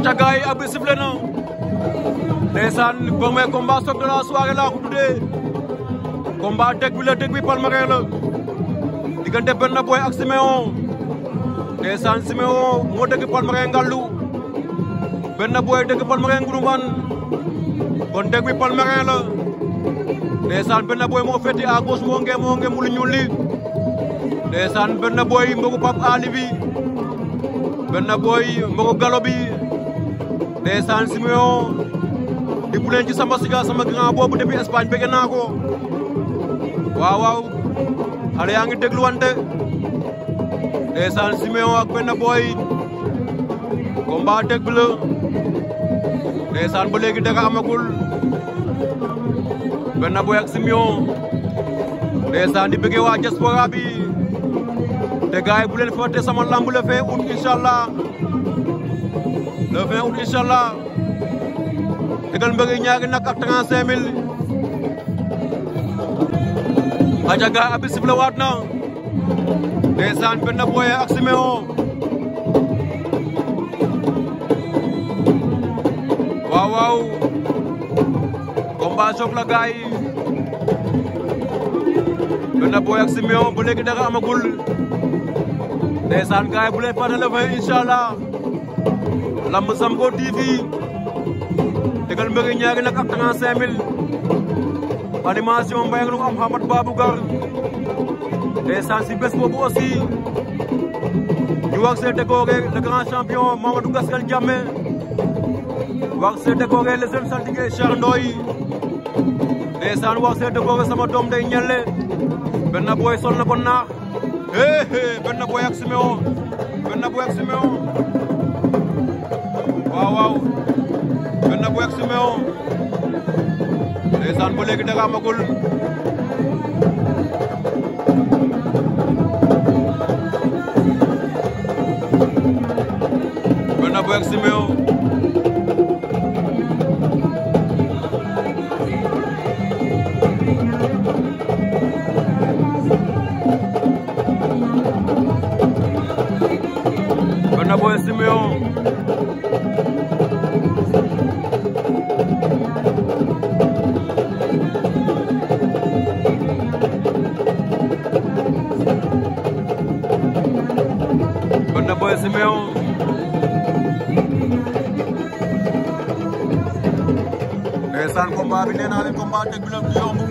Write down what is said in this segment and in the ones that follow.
aca gaay yi arbitre sifflé na ndeysaan premier combat choc de la soirée laa ko tuddee combat dëgg bi bi palmarin diggante Burna Boy ak Siméon ndeysaan Siméon moo dëgg palmarin Ngallu Burna Boy dëgg palmarin Ngouroumbane kon dëgg bi palmarin la ndeysaan Burna moo féete à gauche moo mu lu ñuul li ndeysaan Burna Boy mbogu Pape Ali bi Burna mbogu Galo ndeysaan Siméon di bu leen ci Siga sama grand boobu depuis Espagne bëgg naa ko yaa ngi déglu wante ndeysaan Siméon ak benn booy dëgg la ndeysaan ba léegi dara amagul benn booy ak Siméon ndeysaan di bëggee waa diaspora bi te gaay bu sama lamb la fee ut incha le 20 août incha allah tegal mbëgg ñaari nag ak 35000 aja ga abi sifle waat na ndeysaan benn booye ak Siméon waaw waaw combat choc la gaay benn booye ak Siméon bu léegi dara amagul ndeysaan gaay bu leen fàtte le lamb Zambro TV tegal mbëri ñaari nak ak 35000 animation Mbaye ak lu am Hamad Babou Gar ndeysaan si bés boobu aussi ñu war see décorer le grand champion Mamadou Gaskel Diamé war see décorer le jeune saltige Cheikh Ndoye ndeysaan war see décorer sama doom day ñelle benn sol na ko naax hee hee benn ak suméo benn ak suméo waaw benn bu exhumé woon ndeysaan ba léegi da nga amagul benn ñaari combat teg bi nag du yomb eh,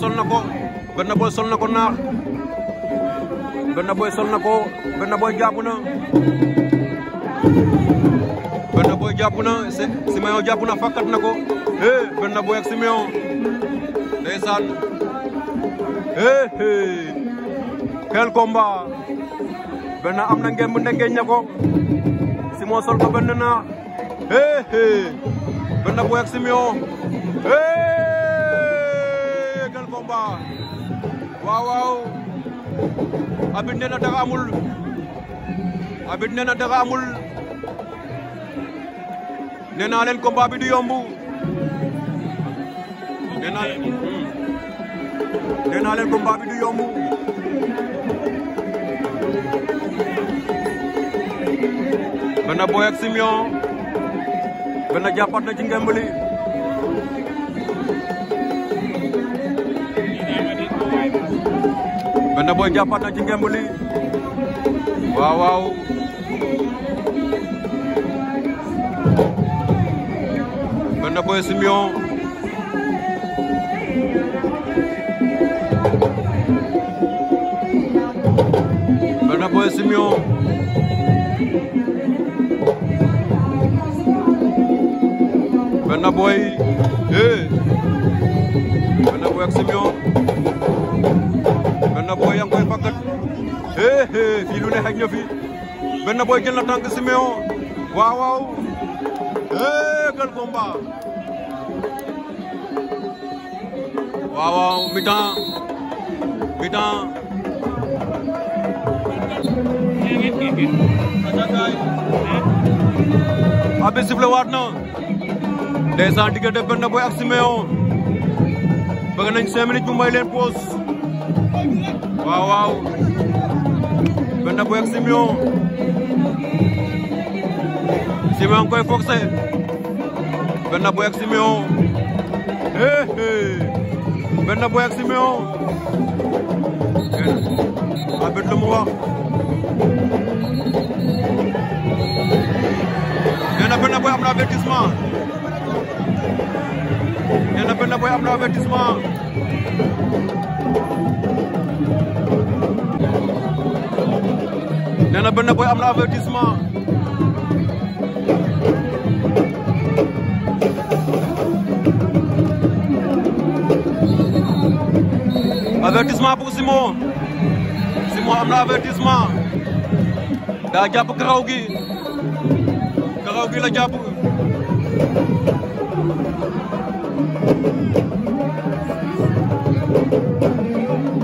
sol na ko benn sol na ko naax benn sol na ko benn boy jàpp na benn boy jàpp na Simeon jàpp na fakkat na ko eh benn boy ak Simeon eh eh quel combat am na ngeen ña ko Simon sol ko benn na eh eh bu ak Simon eh quel combat waaw waaw abit nee na abit nee na dara leen combat bi du yomb nee naa leen combat bi du yomb benn boy ak Simion benn jàppat na ci ngemb li benn boy jàppat na ci ngemb li waaw waaw benn boy Simion ana Boy Simeon Béna Boy ak Simeon Béna Boy yaa ngi koy fakkat fii lu ne xëj na fi Béna Boy jël na tànk Simeon waaw waaw eh quel mi-temps mi-temps bi abi sifle waat na ndeysaan diggante Penda Boy ak nañ cinq minutes mu may leen pause waaw waaw Penda Boy ak Siméon Siméon koy forcé Penda Boy ak Siméon eh eh Penda Boy na Béné Boy am na avertissement nee na Béné Simon Simon am na avertissement daa karaw gi Kakak gila la jàpp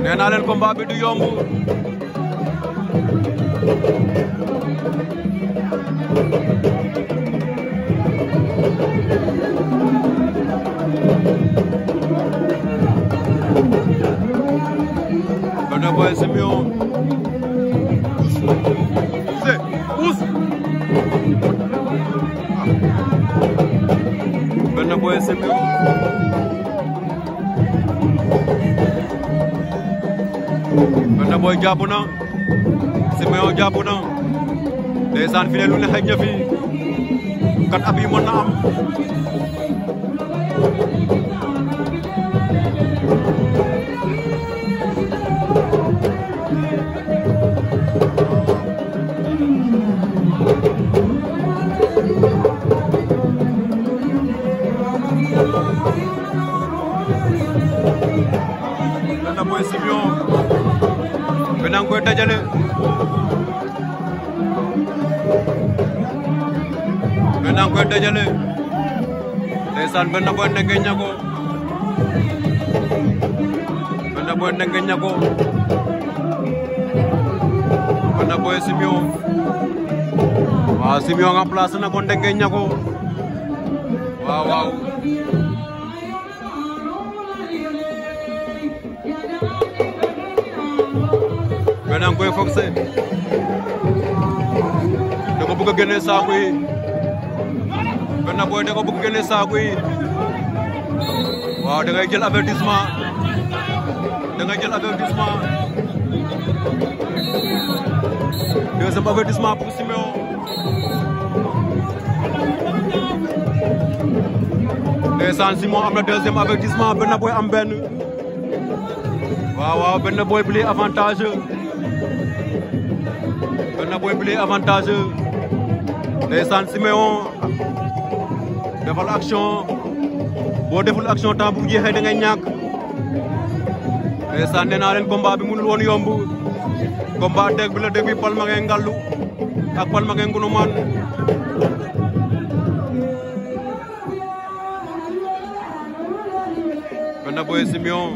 nee naa leen combat mooy sëgg Bata Boy jàpp na Siméon jàpp na ndeysaan fi ne na fi kat ab yi dajale ndeysaan benn boy ndeke ñako benn boy ndeke ñako benn boy Simion waaw Simion nga place na ko ndeke ñako waaw waaw benn koy foog se da ko bëgg a Bénn Boy da nga bëgg génne saako yi waaw da jël avertissement da ngay jël avertissement deuxième avertissement pour Siméon ndeysaan Simon am na deuxième avertissement Bénn Boy am benn waaw waaw Bénn Boy bi avantage Bénn Boy bi avantage ndeysaan Siméon defal action boo deful action temps bu jeexee da ngay ñàkk ndeysaan nee naa leen combat bi mënul woon yomb combat deg bi deg bi Palmarin Ngallu ak Palmarin Ngounoumane Fane Boye Simeon.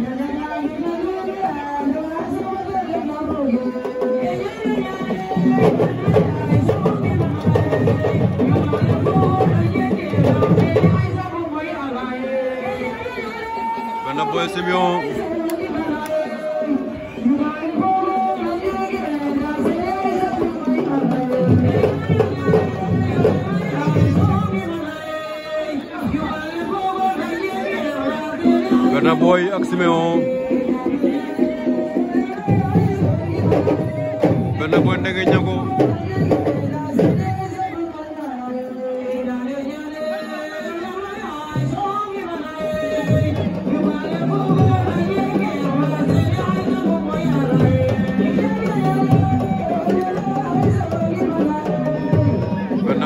ana Boy Simeon Gana Boy ak Simeon Gana Boy ndege ñago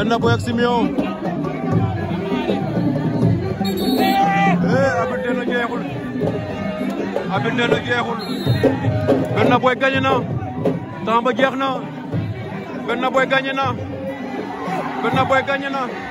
benn boy ak Simeo eh abin dena jeexul abin dena jeexul benn boy gagné na temps ba jeex na benn boy gagné na benn boy gagné na